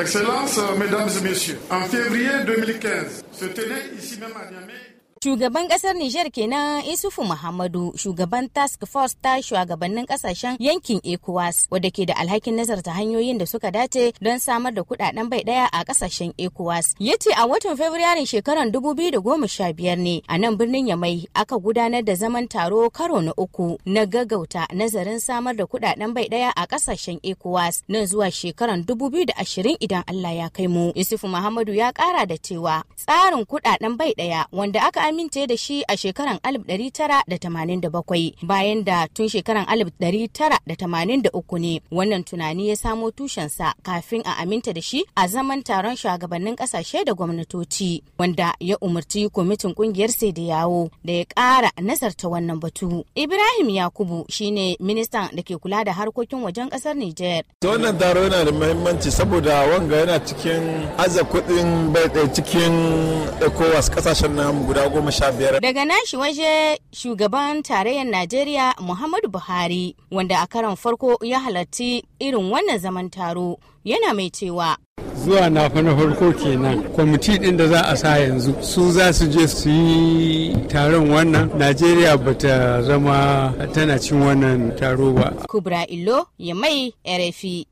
Excellences, euh, Mesdames et Messieurs, en février 2015, se tenait ici même à Niamey. Shugaban ƙasar Nijar kenan Isufu Muhammadu shugaban task force ta shugabannin ƙasashen yankin ECOWAS wadda ke da alhakin nazarta hanyoyin da suka dace don samar da kuɗaɗen bai daya a kasashen ECOWAS. yace a watan Fabrairun shekarar 2015 ne a nan birnin Yamai aka gudanar da zaman taro karo na uku na gaggauta nazarin samar da kuɗaɗen bai daya a ƙasashen ECOWAS nan zuwa shekarar 2020 idan Allah ya kai mu. Isufu Muhammadu ya kara da cewa tsarin kuɗaɗen bai daya wanda aka amince da shi a shekaran 1987 bayan da tun shekaran 1983 ne wannan tunani ya samo tushensa kafin a aminta da shi a zaman taron shugabannin kasashe da gwamnatoci wanda ya umarci kwamitin kungiyar sai da yawo da ya ƙara nazarta wannan batu. Ibrahim Yakubu shine ministan da ke kula da harkokin wajen kasar Nijar. Wannan taro yana da muhimmanci saboda wanga yana cikin aza kuɗin bai cikin ECOWAS kasashen namu guda goma goma sha biyar. Daga nashi waje shugaban tarayyar Najeriya Muhammadu Buhari wanda a karon farko ya halarci irin wannan zaman taro yana mai cewa. Zuwa na fana farko kenan kwamiti ɗin da za a sa yanzu su za su je su yi taron wannan Najeriya ba ta zama tana cin wannan taro ba. Kubra Ilo ya mai RFI.